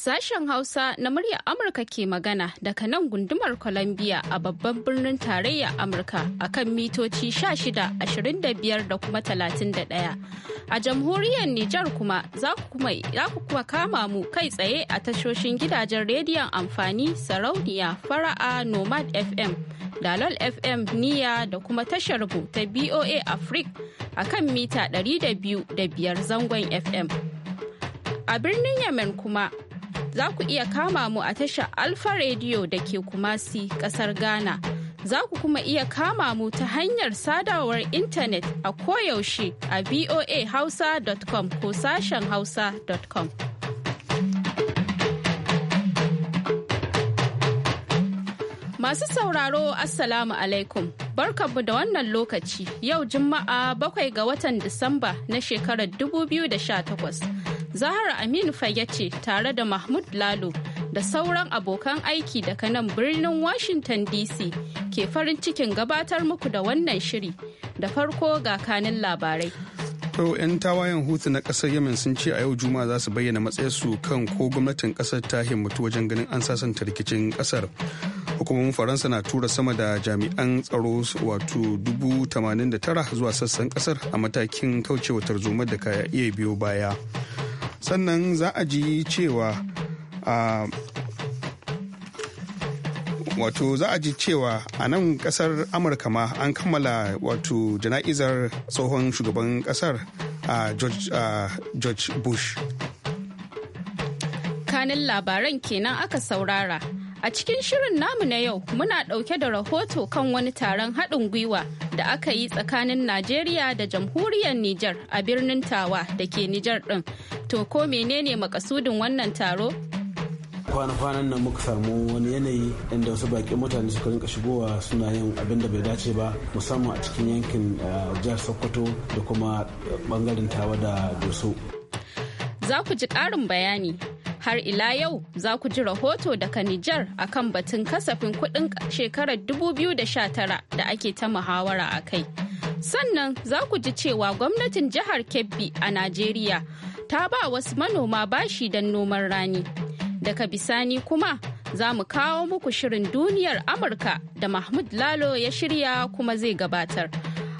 Sashen Hausa na murya Amurka ke magana daga nan gundumar Columbia a babban birnin tarayya Amurka a kan mitoci 16, da kuma 31. A jamhuriyar Nijar kuma za ku kuma kama mu kai tsaye a tashoshin gidajen rediyon amfani sarauniya fara'a Nomad FM, Dalol FM Niya da kuma tashar ta BOA Africa a kan mita 200 da biyar zangon FM. A birnin Yemen kuma za ku iya kama mu a tashar Alfa Radio da ke Kumasi, kasar Ghana. Za ku kuma iya kama mu ta hanyar sadawar intanet a koyaushe a voahausa.com ko sashen hausa.com. Masu sauraro Assalamu alaikum. Barkanmu da wannan lokaci yau Juma'a bakwai ga watan Disamba na shekarar 2018. Zahra Aminu Fage ce tare da Mahmud Lalo da sauran abokan aiki daga nan birnin Washington DC ke farin cikin gabatar muku da wannan shiri. Da farko ga kanin labarai. To 'yan tawayen hutu na ƙasar Yemen sun ce a yau Juma'a za su bayyana matsayarsu kan ko gwamnatin ƙasar ta himmatu wajen ganin an sasanta rikicin ƙasar Hukumomin Faransa na tura sama da jami'an tsaro wato dubu da tara zuwa sassan ƙasar a matakin kaucewa tarzoma da ka iya biyo baya. sannan za a ji cewa wato za a ji cewa a nan kasar amurka ma an kammala wato jana'izar tsohon shugaban kasar a george bush kanin labaran kenan aka saurara A cikin shirin namu na yau muna ɗauke da rahoto kan wani taron haɗin gwiwa da aka yi tsakanin Najeriya da jamhuriyar Nijar a birnin Tawa da ke Nijar ɗin. To ko menene makasudin wannan taro? kwana-kwanan nan muka samu wani yanayi inda wasu baƙi mutane suka rinka shigowa suna yin abin da bai dace ba musamman a cikin yankin eh, jihar sokoto da kuma bangaren eh, tawa da doso za ku ji ƙarin bayani Har ila yau za ku ji rahoto daga Nijar a kan batun kasafin kuɗin shekarar 2019 da ake ta muhawara a kai. Sannan za ku ji cewa gwamnatin jihar Kebbi a Najeriya ta ba wasu manoma bashi don noman rani. Daga bisani kuma za mu kawo muku shirin duniyar Amurka da Mahmud Lalo ya shirya kuma zai gabatar.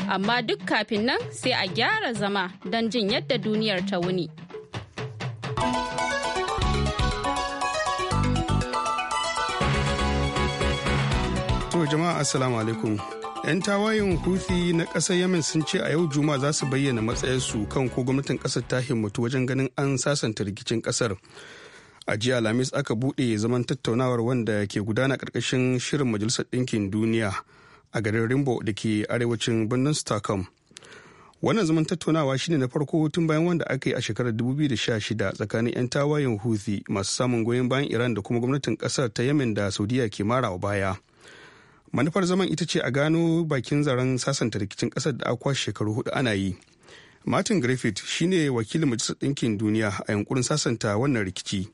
Amma duk kafin nan sai a gyara zama don jin yadda duniyar ta wuni. thank you To jama'a assalamu alaikum. 'Yan tawayen huthi na kasar Yemen sun ce a yau juma za su bayyana matsayarsu kan ko gwamnatin kasar ta himmatu wajen ganin an sasanta rikicin kasar A jiya Alhamis aka bude zaman tattaunawar wanda ke gudana karkashin shirin Majalisar Ɗinkin Duniya a garin Rimbo da ke arewacin birnin Stockholm. Wannan zaman tattaunawa shine na farko tun bayan wanda aka yi a shekarar 2016 tsakanin 'yan tawayen huthi masu samun goyon bayan Iran da kuma gwamnatin kasar ta Yemen da Saudiya ke marawa baya. manufar zaman ita ce a gano bakin zaren sasanta rikicin kasar da akwa shekaru hudu ana yi martin griffith shine wakilin majalisar ɗinkin duniya a yankurin sasanta wannan rikici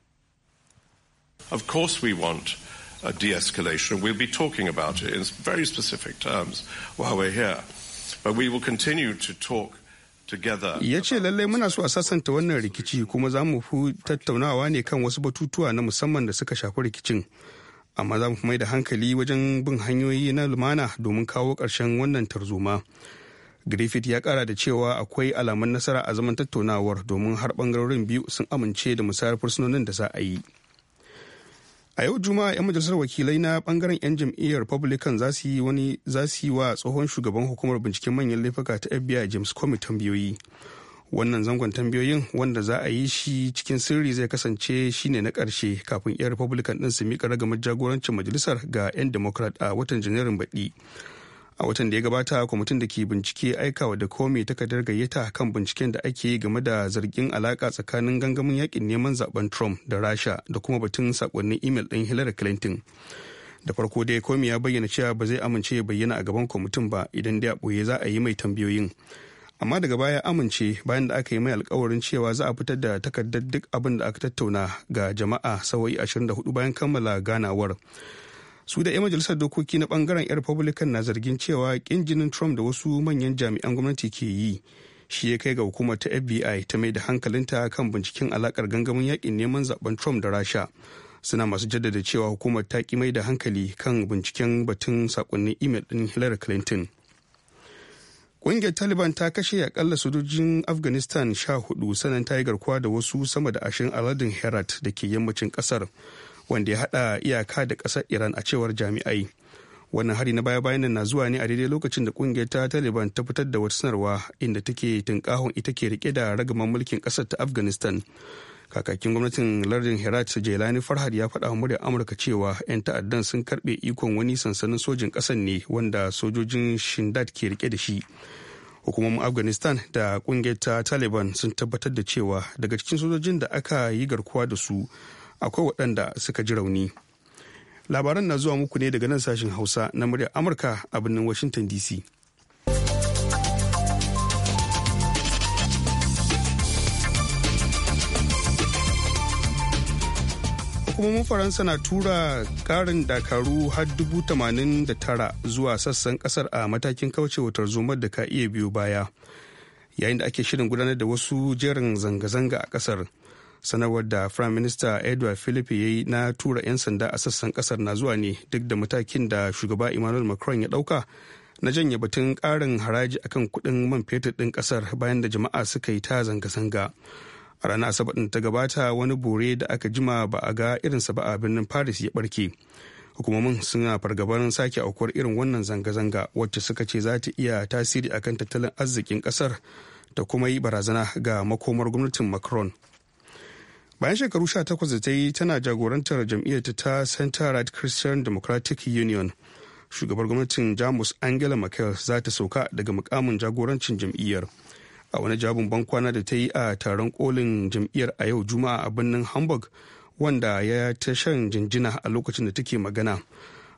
of course we want a de-escalation we'll be talking about it in very specific terms while we're here but we will continue to talk ya ce lallai muna so a sasanta wannan rikici kuma za mu fi tattaunawa ne kan wasu batutuwa na musamman da suka shafi rikicin amma za mu mai da hankali wajen bin hanyoyi na lumana domin kawo ƙarshen wannan tarzoma griffith ya kara da cewa akwai alamun nasara a zaman tattaunawar domin har bangarorin biyu sun amince da musayar fursunonin da za a yi a yau juma'a 'yan majalisar wakilai na bangaren 'yan jam'iyyar republican za su yi wa tsohon shugaban hukumar binciken manyan laifuka ta fbi james comey tambayoyi wannan zangon tambayoyin wanda za a yi shi cikin sirri zai kasance shine na karshe kafin 'yan republican ɗin su mika ragamar jagorancin majalisar ga 'yan democrat a watan janairun baɗi a watan da ya gabata kwamitin da ke bincike aikawa da komi takardar gayyata kan binciken da ake yi game da zargin alaka tsakanin gangamin yakin neman zaben trump da rasha da kuma batun sakonnin imel din hillary clinton da farko dai komi ya bayyana cewa ba zai amince ya bayyana a gaban kwamitin ba idan dai a ɓoye za a yi mai tambayoyin amma daga baya amince bayan da aka yi mai alkawarin cewa za a fitar da takardar duk abin da aka tattauna ga jama'a sawayi 24 bayan kammala ganawar su da 'yan majalisar dokoki na bangaren 'yan republican na zargin cewa kin jinin trump da wasu manyan jami'an gwamnati ke yi shi ya kai ga hukumar ta fbi ta mai da hankalinta kan binciken alakar gangamin yakin neman zaben trump da rasha suna masu jaddada cewa hukumar ta ki mai da hankali kan binciken batun sakonnin imel din hillary clinton Ƙungiyar Taliban ta kashe akalla sojojin Afghanistan sha hudu sannan ta yi garkuwa da wasu sama da ashirin aladin Herat da ke yammacin ƙasar wanda ya haɗa iyaka da ƙasar Iran a cewar jami'ai. Wannan hari na baya-bayan na zuwa ne a daidai lokacin da ƙungiyar ta Taliban ta fitar da wata sanarwa inda take tunkahon ita ke rike da ragaman mulkin ƙasar ta Afghanistan kakakin gwamnatin lardin herat jelani farhad ya faɗa wa muryar amurka cewa 'yan ta'addan sun karɓe ikon wani sansanin sojin ƙasan ne wanda sojojin shindad ke rike da shi hukumomin afghanistan da ƙungiyar ta taliban sun tabbatar da cewa daga cikin sojojin da aka yi garkuwa da su akwai waɗanda suka ji rauni labaran na zuwa muku ne daga nan sashen hausa na muryar amurka a birnin washington dc hukumomin faransa na tura karin dakaru har dubu tamanin da tara zuwa sassan kasar a matakin kauce wutar tarzomar da ka iya biyu baya yayin da ake shirin gudanar da wasu jerin zanga-zanga a kasar sanarwar da prime minister edward philippe ya yi na tura 'yan sanda a sassan kasar na zuwa ne duk da matakin da shugaba emmanuel macron ya dauka na janye batun karin haraji akan kudin man fetur din kasar bayan da jama'a suka yi ta zanga-zanga a ranar asabar ta gabata wani bore da aka jima ba a ga irinsa ba a birnin paris ya barke hukumomin suna fargabarin sake aukuwar irin wannan zanga-zanga wacce suka ce za ta iya tasiri akan tattalin arzikin kasar da kuma yi barazana ga makomar gwamnatin macron bayan shekaru 18 da ta yi tana jagorantar jam'iyyar ta center right christian democratic union shugabar gwamnatin jamus angela merkel za ta sauka daga mukamin jagorancin jam'iyyar. a wani jabin bankwana da ta yi a taron kolin jam'iyyar a yau juma'a a birnin hamburg wanda ya ta shan jinjina a lokacin da take magana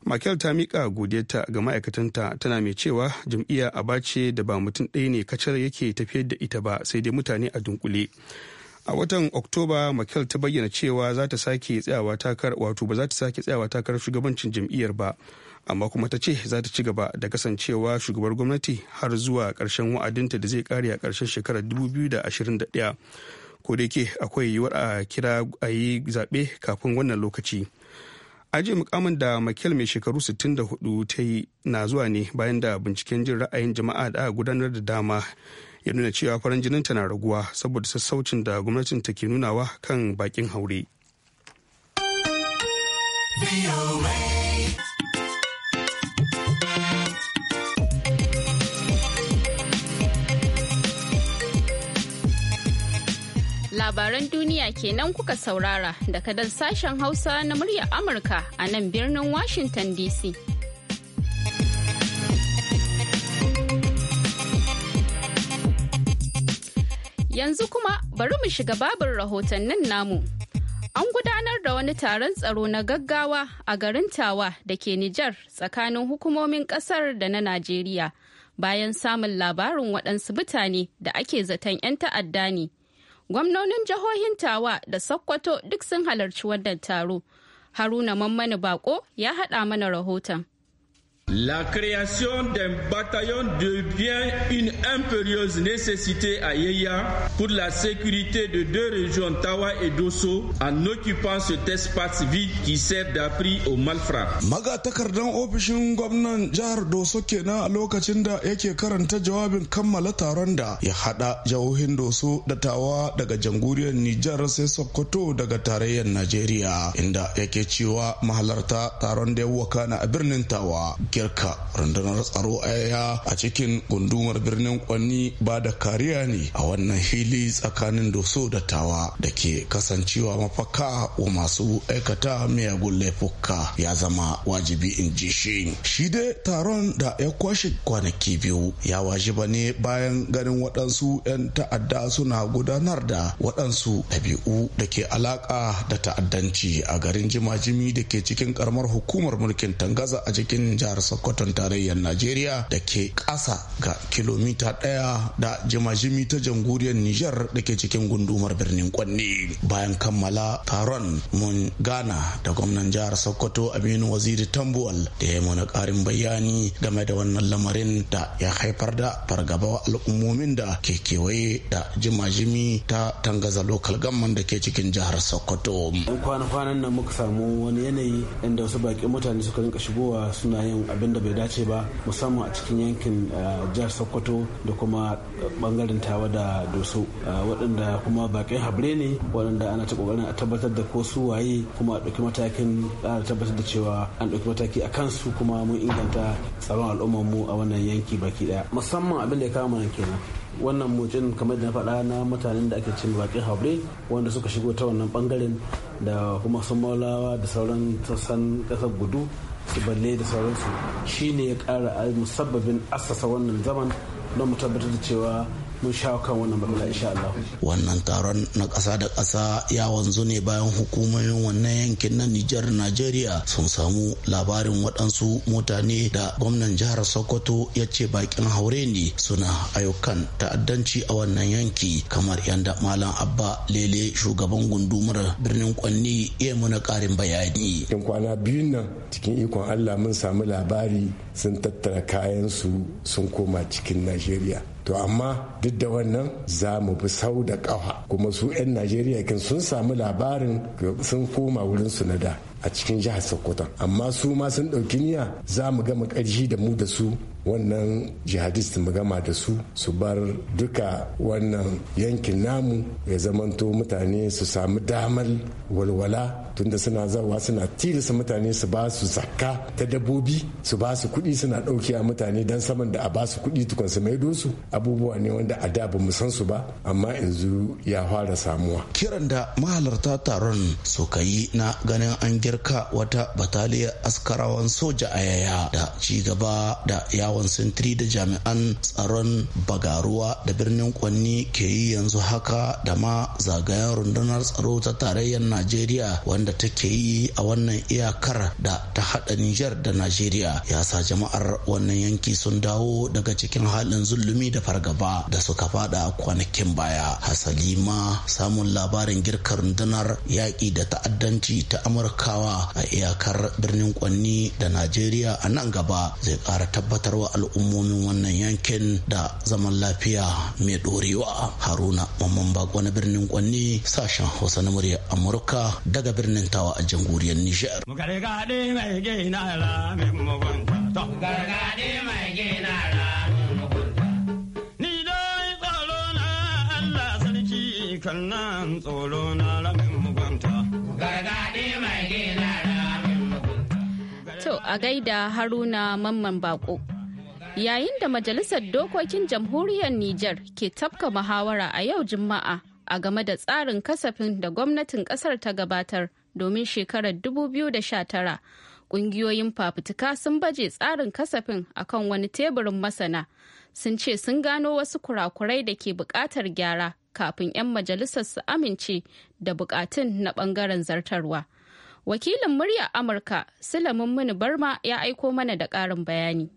makel ta mika godiyarta ga ma'aikatanta tana mai cewa jam'iyya a bace da ba mutum ɗaya ne kacar yake tafiyar da ita ba sai dai mutane a dunkule a watan oktoba makel ta bayyana cewa za ta sake tsayawa takar wato ba za ta sake tsayawa takarar shugabancin jam'iyyar ba amma kuma ta ce za ta ci gaba da kasancewa shugabar gwamnati har zuwa ƙarshen wa'adinta da zai kare a ƙarshen shekarar 2021 ko da yake akwai yiwuwar a kira a yi zaɓe kafin wannan lokaci aje mukamin da makel mai shekaru 64 ta yi na zuwa ne bayan da binciken jin ra'ayin jama'a da gudanar da dama ya nuna cewa farin jinin ta na raguwa saboda sassaucin da gwamnatin ta ke nunawa kan bakin haure. labaran duniya kenan kuka saurara daga dan sashen Hausa na murya Amurka a nan birnin Washington DC. Yanzu kuma bari mu shiga babin rahotannin namu. An gudanar da wani taron tsaro na gaggawa a garin Tawa da ke Nijar tsakanin hukumomin kasar da na Najeriya bayan samun labarin waɗansu mutane da ake zaton 'yan ta'adda ne Gwamnonin jihohin Tawa da Sokoto duk sun halarci wannan taro. Haruna Mammani Bako ya haɗa mana rahoton. La création d'un bataillon devient une impérieuse nécessité à Yeya pour la sécurité de deux régions, Tawa et Dosso, en occupant cet espace vide qui sert d'appui aux malfrats. Magatakardan ofishin gwamnan jihar Dosso kenan a lokacin da yake karanta jawabin kammala taron da ya hada jihohin Dosso da Tawa daga jamhuriyar Nijar sai Sokoto daga tarayyar Najeriya inda yake cewa mahalarta taron da ya wakana a birnin Tawa yarka rundunar tsaro aya a cikin gundumar birnin kwanni ba da kariya ne a wannan hili tsakanin doso da tawa da ke kasancewa mafaka wa masu aikata miyagun laifuka ya zama wajibi in ji shi shi dai taron da ya kwashe kwanaki biyu ya wajiba ne bayan ganin waɗansu 'yan ta'adda suna gudanar da waɗansu ɗabi'u da ke alaƙa da ta'addanci a garin jimajimi da ke cikin ƙaramar hukumar mulkin tangaza a cikin jihar sokoton tarayyar najeriya da ke ƙasa ga kilomita ɗaya da jimajimi ta jamhuriyar niger da ke cikin gundumar birnin kwanne bayan kammala taron mun gana da gwamnan jihar sokoto aminu waziri tambuwal da ya mana ƙarin bayani game da wannan lamarin da ya haifar da fargaba al'ummomin da ke kewaye da jimajimi ta tangaza lokal gamman da ke cikin jihar sokoto kwana-kwanan nan muka samu wani yanayi inda wasu baƙin mutane suka rinka shigowa suna yin abin da bai dace ba musamman a cikin yankin eh, jihar sokoto da kuma eh, bangaren tawa da doso eh, waɗanda kuma bakin habre ne waɗanda ana ta kokarin a tabbatar da ko su waye kuma a ɗauki matakin ƙara tabbatar da cewa an ɗauki mataki a kansu kuma mun inganta tsaron al'ummar mu a wannan yanki baki ɗaya musamman abin da ya kama nan kenan wannan motsin kamar da na faɗa na mutanen da ake cin bakin habre wanda suka shigo ta wannan bangaren da kuma sun da sauran sassan ƙasar gudu su balle da sauransu shi ne ya kara musabbabin asasa wannan zaman don mu tabbatar da cewa mun sha kan wannan magana insha Allah. Wannan taron na ƙasa da ƙasa ya wanzu ne bayan hukumomin wannan yankin na Nijar Najeriya sun samu labarin waɗansu mutane da gwamnan jihar Sokoto ya ce bakin haure ne suna ayyukan ta'addanci a wannan yanki kamar yanda Malam Abba Lele shugaban gundumar birnin Kwanni ya muna ƙarin bayani. Yan kwana biyun nan cikin ikon Allah mun samu labari sun tattara kayan su sun koma cikin Najeriya. to amma duk da wannan za mu bi sau da ƙafa kuma su 'yan najeriya kin sun samu labarin sun koma wurin su na da a cikin jihar sokoto amma su ma sun ɗauki niyya za mu gama ƙarshi da mu da su wannan jihadist mu gama da su su bar duka wannan yankin namu ya zamanto mutane su samu damar walwala tunda suna zawa suna tilasta mutane su ba su zakka ta dabbobi su ba su kuɗi suna ɗauki a mutane don saman da a ba su kuɗi tukun su maido su abubuwa ne wanda a da ba san su ba amma yanzu ya fara samuwa kiran da mahalarta taron suka yi na ganin an girka wata bataliyar askarawan soja a yaya da ci gaba da yawon yawon sintiri da jami'an tsaron bagaruwa da birnin kwanni ke yi yanzu haka da ma zagayen rundunar tsaro ta tarayyar najeriya wanda take yi a wannan iyakar da ta hada nijar da najeriya ya sa jama'ar wannan yanki sun dawo daga cikin halin zulumi da fargaba da suka fada kwanakin baya hasali ma samun labarin girka rundunar yaƙi da ta'addanci ta amurkawa a iyakar birnin kwanni da najeriya a nan gaba zai ƙara tabbatar wa al'ummomin wannan yankin da zaman lafiya mai dorewa haruna mamman bako na birnin kwanni sashen hausa na murya amurka daga birnin tawa a jamhuriyar nijar kan tsoro na lamin mugunta gargaɗe a gaida haruna mamman bako. yayin da majalisar dokokin jamhuriyar Nijar ke tafka muhawara a yau Juma'a a game da tsarin kasafin da gwamnatin kasar ta gabatar domin shekarar 2019 ƙungiyoyin fafutuka sun baje tsarin kasafin akan wani teburin masana sun ce sun gano wasu kurakurai da ke buƙatar gyara kafin 'yan majalisar su amince da buƙatun na ɓangaren zartarwa wakilin murya amurka sulamin mini barma ya aiko mana da ƙarin bayani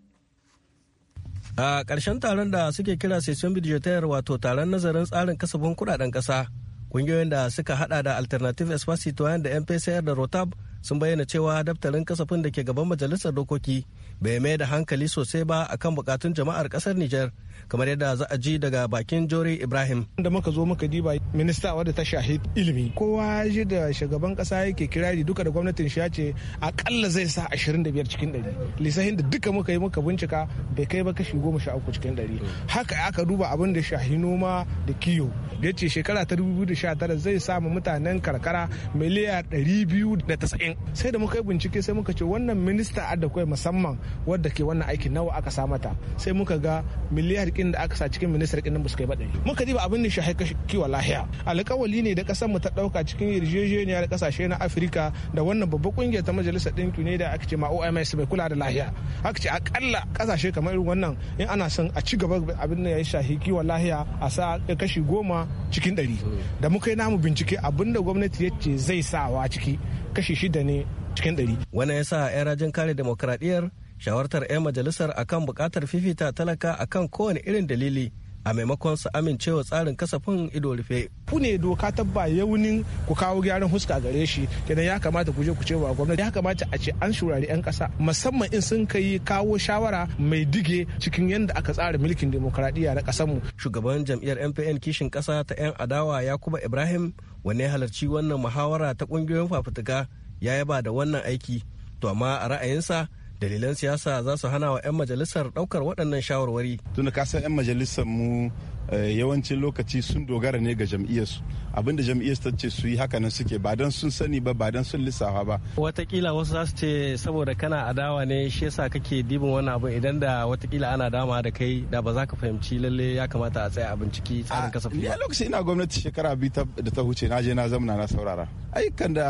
a ƙarshen taron da suke kira session budgetaire wato taron nazarin tsarin kasafin kudaden ƙasa kungiyoyin da suka hada da alternative espacito da mpcr da rotab sun bayyana cewa daftarin kasafin da ke gaban majalisar dokoki bai mai da hankali sosai ba akan bukatun jama'ar ƙasar niger kamar yadda za a ji daga bakin jori ibrahim da muka zo muka diba minista wadda ta shahi ilimi kowa ji da shugaban kasa yake kirari duka da gwamnatin shi ce akalla zai sa 25 cikin 100 lissahin da duka muka yi muka bincika bai kai ba kashi 13 cikin 100 haka aka duba abin da shahi noma da kiyo da ya ce shekara ta 2019 zai samu mutanen karkara miliyan 290 sai da muka yi bincike sai muka ce wannan minista adda musamman wadda ke wannan aikin nawa aka samata sai muka ga miliyar kin da aka sa cikin ministar kin nan ba kai ba ɗari muka ba abin da shi haika kiwon lahiya alƙawali ne da ƙasar mu ta ɗauka cikin yarjejeniya da ƙasashe na afirka da wannan babban ƙungiyar ta majalisar ɗinki ne da aka ce ma oms bai kula da lahiya aka ce akalla ƙasashe kamar irin wannan in ana son a ci gaba abin da ya shahi kiwon lahiya a sa kashi goma cikin ɗari da muka yi namu bincike abin da gwamnati ya ce zai sawa ciki kashi shida ne cikin ɗari. Wannan ya sa 'yan rajin kare demokradiyyar shawartar 'yan majalisar akan bukatar fifita talaka akan kowane irin dalili a maimakon su amincewa tsarin kasafin ido rufe. Ku ne doka ta ba yaunin ku kawo gyaran huska gare shi kenan ya kamata ku je ku ce wa gwamnati ya kamata a ce an shurari 'yan kasa musamman in sun kai kawo shawara mai dige cikin yadda aka tsara mulkin demokradiyya na kasar mu. Shugaban jam'iyyar MPN kishin ƙasa ta 'yan adawa Yakuba Ibrahim wanne halarci wannan muhawara ta kungiyoyin fafutuka ya yaba da wannan aiki to amma a ra'ayinsa dalilan siyasa za su hana wa 'yan majalisar ɗaukar waɗannan shawarwari. Tun da kasan 'yan majalisar mu Eh, yawancin lokaci sun dogara ne ga jam'iyyarsu abinda jam'iyyar ta ce su yi haka nan suke ba don sun sani ba ba don sun lissafa ba watakila wasu za su ce saboda kana adawa ne shi yasa kake dibin wannan abu idan da watakila ana dama da kai da ba za ka fahimci lalle ya kamata a tsaya a binciki tsarin kasafi ba lokaci ina gwamnati shekara biyu da ta huce na je na zamana na saurara ayyukan da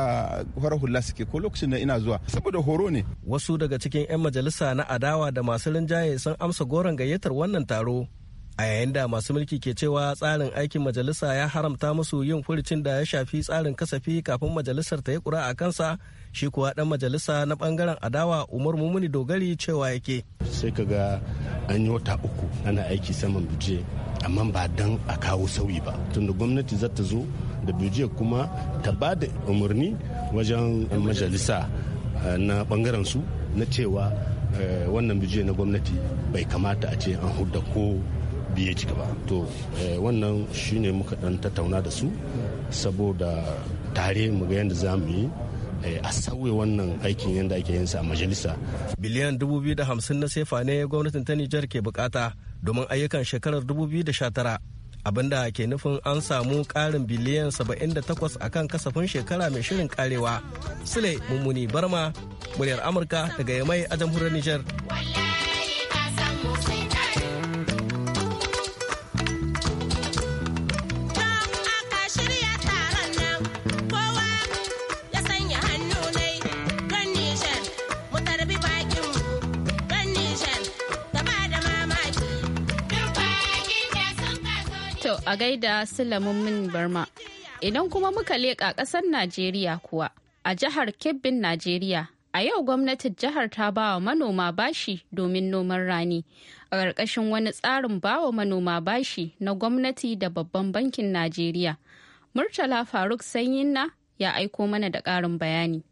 farar hula suke ko lokacin da ina zuwa saboda horo ne wasu daga cikin 'yan majalisa na adawa da masu rinjaye sun amsa goron gayyatar wannan taro a yayin da masu mulki ke cewa tsarin aikin majalisa ya haramta musu yin furucin da ya shafi tsarin kasafi kafin majalisar ta yi kura a kansa shi kuwa dan majalisa na bangaren adawa umar mumuni dogari cewa yake sai kaga ga an yi wata uku ana aiki saman buje amma ba dan a kawo sauyi ba tunda gwamnati za ta zo da buje kuma ta ba da umarni wajen majalisa eh, na bangaren su na cewa eh, wannan buje na gwamnati bai kamata a ce an hudda ko bi ya ci gaba to eh, wannan shine muka dan tattauna da su saboda tare mu ga yadda za mu yi eh, a sauye wannan aikin yadda ake yin sa a majalisa. Biliyan 250 na sefa ne gwamnatin ta Nijar ke bukata domin ayyukan shekarar 2019 abinda ke nufin an samu karin biliyan 78 akan kasafin shekara mai shirin karewa. Sule Mummuni Barma, muryar Amurka daga Yamai a jamhuriyar Nijar. a gaida min Barma. Idan kuma muka leƙa ƙasar Najeriya kuwa, a jihar Kebbin Najeriya, a yau gwamnatin jihar ta ba wa manoma bashi domin noman rani. A ƙarƙashin wani tsarin ba wa manoma bashi na gwamnati da babban bankin Najeriya. Murtala Faruk na ya aiko mana da ƙarin bayani.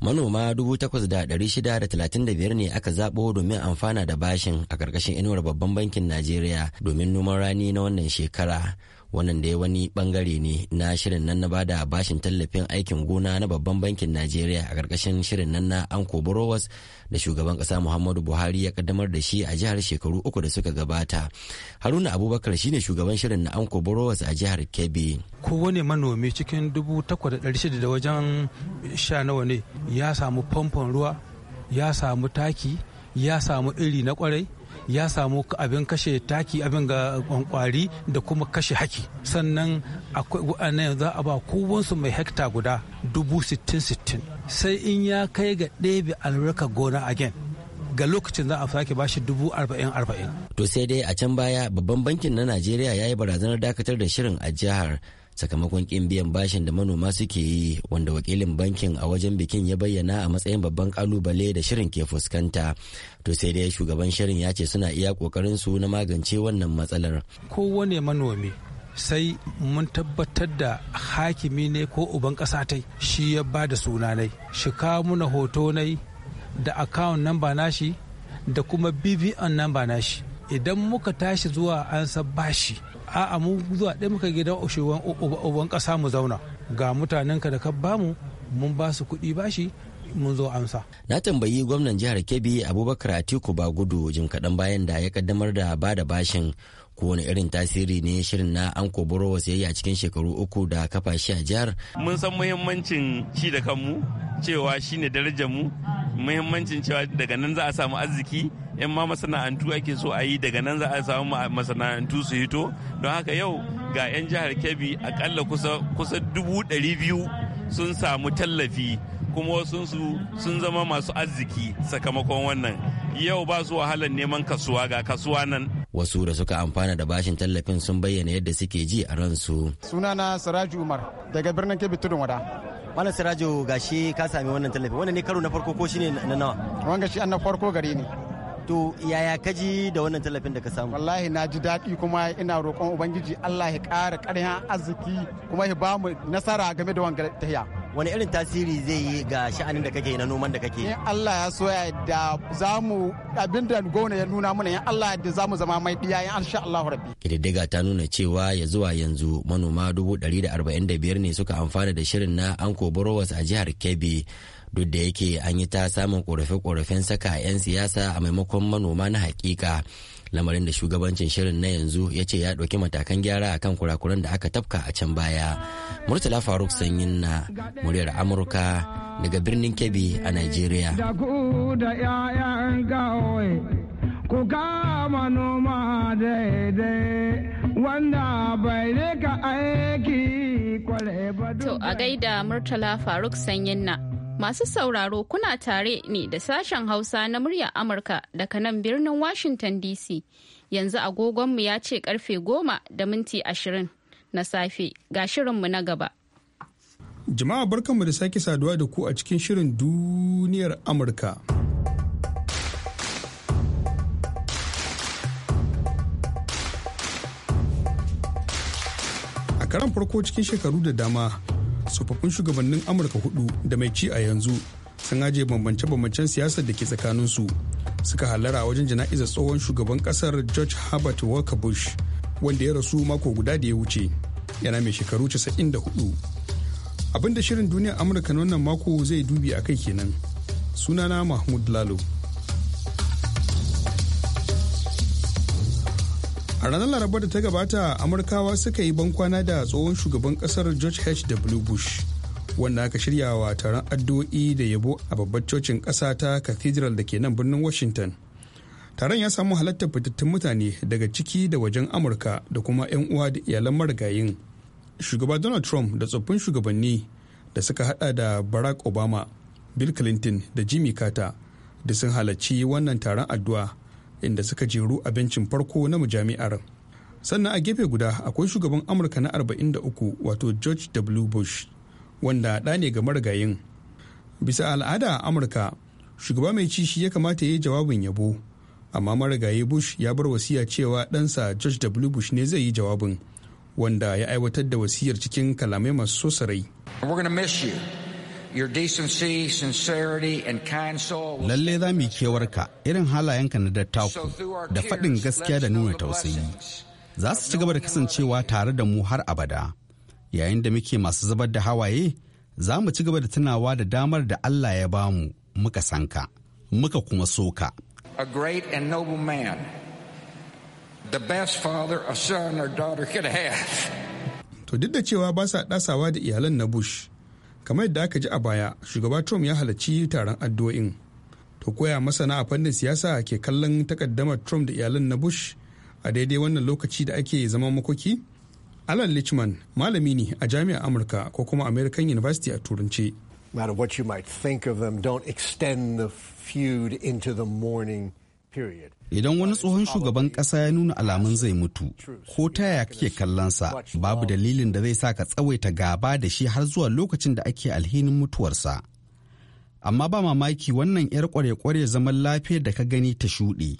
manoma 8,635 ne aka zaɓo domin amfana da bashin a ƙarƙashin inuwar babban bankin najeriya domin noman rani na wannan shekara wannan da ya wani bangare ne na shirin nan na bada bashin tallafin aikin gona na babban bankin najeriya a karkashin shirin nan na anko borowas da shugaban kasa muhammadu buhari ya kaddamar da shi a jihar shekaru uku da suka gabata haruna abubakar shine shugaban shirin na anko borowas a jihar kebbi kowane manomi cikin dubu takwas da shida da wajen sha nawa ne ya samu famfon ruwa ya samu taki ya samu iri na kwarai ya samu abin kashe taki abin ga kwankwari da kuma kashe haki sannan akwai wa'annan za a ba kowansu mai hekta guda dubu sittin sittin sai in ya kai ga ɗebe albarka gona a again ga lokacin za a sake bashi dubu arba'in arba'in. To sai dai a can baya babban bankin na Najeriya ya yi barazanar dakatar da shirin a jihar sakamakon kin biyan bashin da manoma suke yi wanda wakilin bankin a wajen bikin ya bayyana a matsayin babban kalubale da shirin ke fuskanta to sai dai shugaban shirin ya ce suna iya kokarin su na magance wannan matsalar kowane manomi sai mun tabbatar da hakimi ne ko uban ƙasa tai shi ya ba da sunanai shi kawo muna hoto nai da account number nashi da kuma bvn number nashi idan muka tashi zuwa an bashi a'a mu zuwa ɗaya muka gidan oshewan uban ƙasa mu zauna ga mutanen ka da ka mu mun ba su kuɗi bashi mun zo amsa. Na tambayi gwamnan jihar Kebbi Abubakar Atiku Bagudu jim kaɗan bayan da ya kaddamar da ba da bashin kowane irin tasiri ne shirin na an koboro ya cikin shekaru uku da kafa shi a jihar mun san muhimmancin shi da kanmu cewa shine ne mu muhimmancin cewa daga nan za a samu arziki yan ma masana'antu ake so a yi daga nan za a samu masana'antu su hito don haka yau ga 'yan jihar kebbi akalla kusa dubu ɗari biyu sun samu tallafi kuma wasu sun zama masu arziki sakamakon wannan yau ba su wahalar neman kasuwa ga kasuwa nan wasu da suka amfana da bashin tallafin sun bayyana yadda suke ji a ransu sunana siraju umar daga birnin kebbi tudun wada malam siraju gashi ka sami wannan tallafi wannan ne karo na farko ko shine na nawa wanga shi an na farko gari ne. to yaya ka ji da wannan tallafin da ka samu wallahi na ji daɗi kuma ina roƙon ubangiji Allah ya ƙara ƙarfin arziki kuma ya ba mu nasara game da wannan tahiya wani irin tasiri zai yi ga sha'anin da kake na noman da kake in Allah ya so ya da zamu abin da gona ya nuna mana in Allah da za zamu zama mai biya in insha Allah rabbi kididdiga ta nuna cewa ya zuwa yanzu manoma 145 ne suka amfana da shirin na Anko Borowas a jihar Kebbi duk da yake an yi ta samun korafe-korafen saka 'yan siyasa a maimakon manoma na hakika lamarin da shugabancin shirin na yanzu ya ce ya ɗauki matakan gyara a kan kurakuran da aka tafka a can baya murtala faruk sanyin na muryar amurka daga birnin kebbi a najeriya ku kama noma daidai wanda bai rika aiki kwale to a gaida murtala faruk sanyin na Masu sauraro kuna tare ne da sashen Hausa na muryar Amurka daga nan birnin Washington DC. Yanzu agogonmu ya ce karfe goma da minti ashirin na safe ga shirinmu na gaba. Jama'a barkanmu da sake saduwa da ku a cikin shirin duniyar Amurka. A karan farko cikin shekaru da dama tsofaffin shugabannin amurka hudu da mai ci a yanzu sun ajiye bambance-bambancen siyasar da ke tsakaninsu suka halara wajen jana'izar tsohon shugaban kasar george herbert walker bush wanda ya rasu mako guda da ya wuce yana mai shekaru 94 abinda shirin duniya amurka na wannan mako zai dubi a kai kenan sunana mahmud lalo a ranar laraba da ta gabata amurkawa suka yi bankwana da tsohon shugaban kasar george h.w bush wanda aka shirya wa taron addu'o'i da yabo a babbar cocin ƙasa ta cathedral da ke nan birnin washington taron ya samu halartar fitattun mutane daga ciki da wajen amurka da kuma 'yan uwa da iyalan marigayin shugaba donald trump da tsoffin shugabanni da suka hada da barack obama bill clinton da jimmy carter da sun halarci wannan taron addu'a inda suka jeru a bencin farko na mujami'ar sannan a gefe guda akwai shugaban amurka na 43 wato george w bush wanda ɗa ne ga marigayin bisa al'ada a amurka shugaba mai cishi ya kamata ya yi jawabin yabo amma marigayi bush ya bar wasiya cewa ɗansa george w bush ne zai yi jawabin wanda ya aiwatar da wasiyar cikin kalamai masu so sarai Lalle za mu yi kewarka irin halayenka na dattaku da faɗin gaskiya da nuna tausayi. Za su ci gaba da kasancewa tare da mu har abada. Yayin da muke masu zubar da hawaye, za mu ci gaba da tunawa da damar da Allah ya ba mu muka san ka, muka kuma so ka. A great and noble man, the best father a son or daughter could have. To duk da cewa ba sa ɗasawa da iyalan na Bush, kamar yadda aka ji a baya shugaba trump ya halarci taron addu'o'in to koya masana a fannin siyasa ke kallon takaddamar trump da iyalan na bush a daidai wannan lokaci da ake zama makoki alan lichman malami ne a jami'ar amurka ko kuma american university a turance period Idan wani tsohon shugaban ƙasa ya nuna alamun zai mutu, ko ta yaya kake kallonsa babu dalilin da zai sa ka tsawaita gaba da shi har zuwa lokacin da ake alhinin mutuwarsa. Amma ba mamaki wannan 'yar kware-kware zaman lafiyar da ka gani ta shuɗe.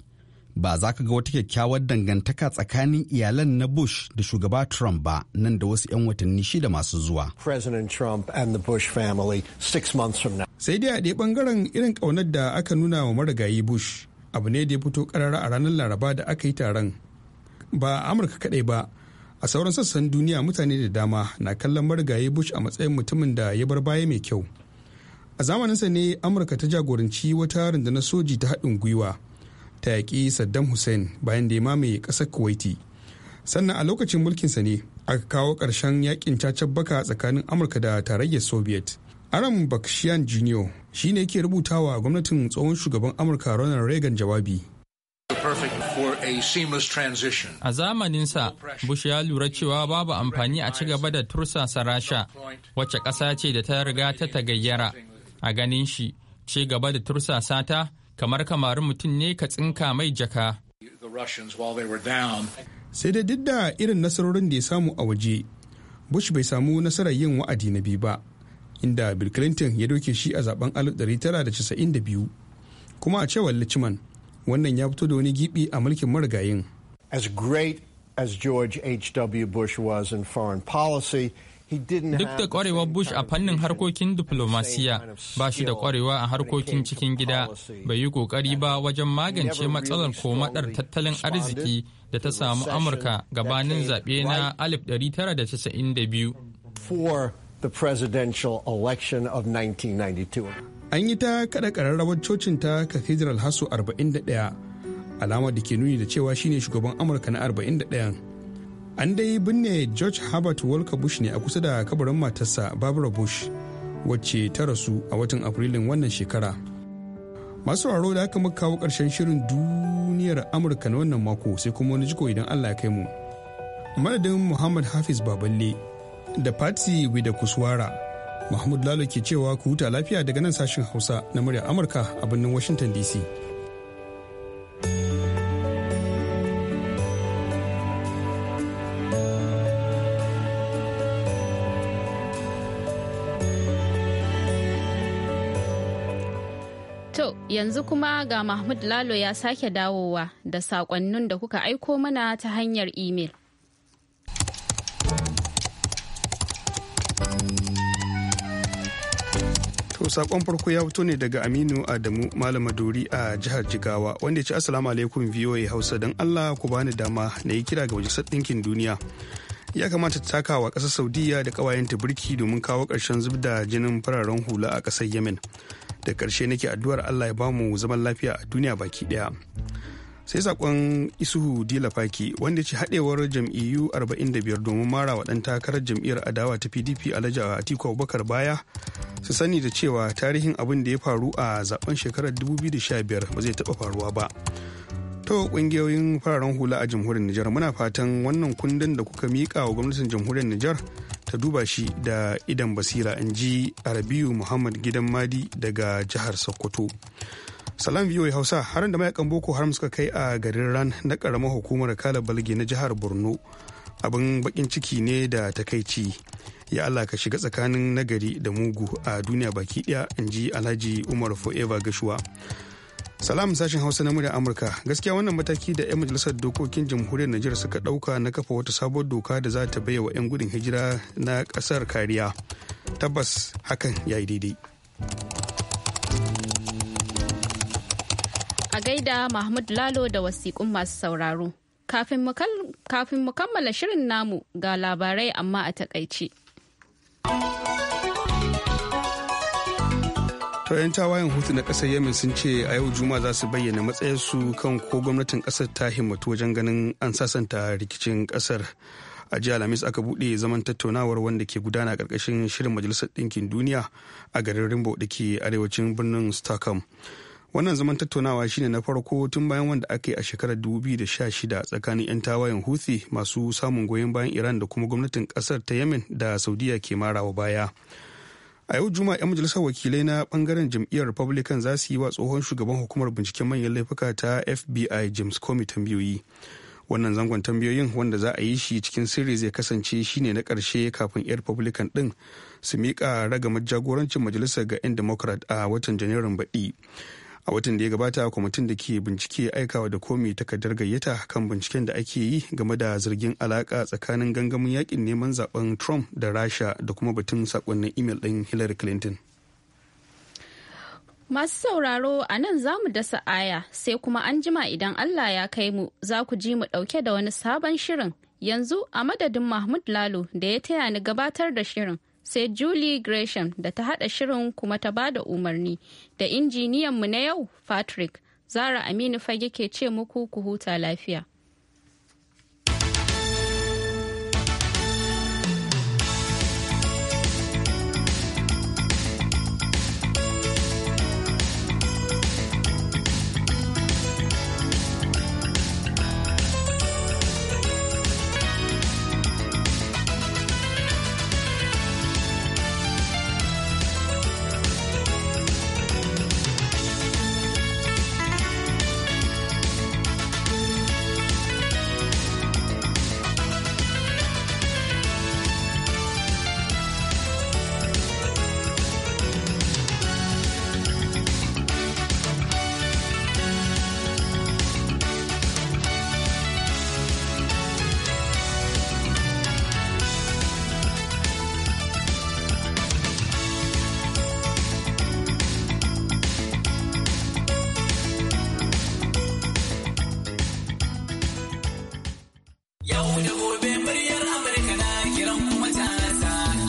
Ba za ka ga wata kyakkyawar dangantaka tsakanin iyalan na Bush da shugaba Trump ba nan da wasu 'yan watanni shida masu zuwa. Sai dai a ɗaya ɓangaren irin ƙaunar da aka nuna wa marigayi Bush abu ne da ya fito karara a ranar laraba da aka yi taron ba a amurka kadai ba a sauran sassan duniya mutane da dama na kallon marigayi bush a matsayin mutumin da ya bar baya mai kyau a zamaninsa ne amurka ta jagoranci wata rundunar soji ta haɗin gwiwa ta yaƙi saddam hussein bayan da ya mamaye ƙasar kuwaiti sannan a lokacin mulkinsa ne aka kawo ƙarshen yakin cacabbaka tsakanin amurka da tarayyar soviet aram bakshian jr shi ne yake wa gwamnatin tsohon shugaban amurka ronald reagan jawabi a zamaninsa bush ya lura cewa babu amfani a ci gaba da tursasa rasha wacce ƙasa ce da ta riga ta tagayyara a ganin shi ci gaba da tursasa ta kamar kamarin mutum ne ka tsinka mai jaka sai dai duk da irin nasarorin da ya samu a waje bush bai samu nasarar yin wa'adi na biyu ba inda bill clinton ya doke shi a zaben 1992 kuma a cewar lichman wannan ya fito da wani gibi a mulkin marigayin as great as george h.w bush was in foreign policy Duk da kwarewar Bush a fannin harkokin diplomasiya ba shi da kwarewa a harkokin cikin gida bai yi ƙoƙari ba wajen magance matsalar komaɗar tattalin arziki da ta samu Amurka gabanin zaɓe na 1992. the presidential election of 1992. An yi ta kada kararrawar cocin ta Cathedral Hasso 41, alama da ke nuni da cewa shine shugaban Amurka na 41. An dai binne George Herbert Walker Bush ne a kusa da kabarin matarsa Barbara Bush, wacce ta rasu a watan Afrilun wannan shekara. Masu sauraro da aka muka kawo ƙarshen shirin duniyar Amurka na wannan mako sai kuma wani jiko idan Allah ya kai mu. Madadin Muhammad Hafiz Baballe da Patsy da Kuswara. Mahmud Lalo ke cewa ku huta lafiya daga nan sashen Hausa na murya Amurka a birnin Washington DC. To, yanzu kuma ga Mahmud Lalo ya sake dawowa da saƙonnin da kuka aiko mana ta hanyar imel. sakon farko ya fito ne daga Aminu Adamu Malam Maduri a jihar Jigawa wanda ya ce Assalamu alaikum VOA Hausa don Allah ku bani dama na yi kira ga Majalisar Ɗinkin Duniya. Ya kamata ta takawa ƙasar Saudiya da ƙawayenta birki domin kawo ƙarshen zub jinin fararen hula a ƙasar Yemen. Da ƙarshe nake addu'ar Allah ya bamu zaman lafiya a duniya baki ɗaya. sai sakon isuhu dilafaki wanda ce haɗewar jam'iyyu 45 domin mara wa ɗan takarar jam'iyyar adawa ta pdp alhaji atiku abubakar baya su sani da cewa tarihin abin da ya faru a zaɓen shekarar 2015 ba zai taɓa faruwa ba to ƙungiyoyin fararen hula a jamhuriyar Nijar muna fatan wannan kundin da kuka miƙa wa gwamnatin jamhuriyar Nijar ta duba shi da idan basira in ji Arabiyu Muhammad Gidan Madi daga jihar Sokoto. salam ya hausa harin da mayakan boko haram suka kai a garin ran na karamar hukumar kala balge na jihar borno abin bakin ciki ne da takaici ya allah ka shiga tsakanin nagari da mugu a duniya baki daya in ji alhaji umar forever gashuwa salam sashen hausa na muryar amurka gaskiya wannan mataki da 'yan majalisar dokokin jamhuriyar najeriya suka dauka na kafa wata sabuwar doka da za ta wa 'yan gudun hijira na kasar kariya tabbas hakan ya yi daidai A gaida Mahmud Lalo da wasiƙun masu sauraro. Kafin mu kammala shirin namu ga labarai amma a takaice. To tawayen hutu na ƙasar Yemen sun ce a yau juma za su bayyana matsayarsu kan ko gwamnatin ƙasar ta himmatu wajen ganin an sasanta rikicin ƙasar. a jiya alhamis aka buɗe zaman tattaunawar wanda ke gudana ƙarƙashin shirin majalisar ɗinkin duniya a garin rimbo da ke arewacin birnin stockholm wannan zaman tattaunawa shine na farko tun bayan wanda aka yi a shekarar 2016 tsakanin 'yan tawayen houthi masu samun goyon bayan iran da kuma gwamnatin kasar ta yemen da saudiya ke mara wa baya a yau juma'a 'yan majalisar wakilai na bangaren jam'iyyar republican za su yi wa tsohon shugaban hukumar binciken manyan laifuka ta fbi james comey tambayoyi wannan zangon tambayoyin wanda za a yi shi cikin sirri zai kasance shine na karshe kafin 'yan republican din su miƙa ragamar jagorancin majalisar ga 'yan democrat a watan janairun baɗi a watan da ya gabata kwamitin da ke bincike aikawa da komi takardar gayyata kan binciken da ake yi game da zargin alaka tsakanin gangamin yakin neman zaben trump da rasha da kuma batun sakonnin imel din hillary clinton Masu sauraro a nan za mu dasa aya sai kuma an jima idan Allah ya kai mu za ku ji mu ɗauke da wani sabon shirin yanzu a madadin Mahmud Lalo da ya taya ni gabatar da shirin sai Julie Gresham da ta haɗa shirin kuma ta ba da umarni da injiniyanmu na yau Patrick, Zara Aminu fage ke ce muku ku huta lafiya.